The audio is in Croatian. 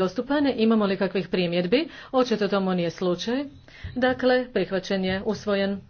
Dostupane, Imamo li kakvih primjedbi? Očito tomu nije slučaj. Dakle, prihvaćen je, usvojen.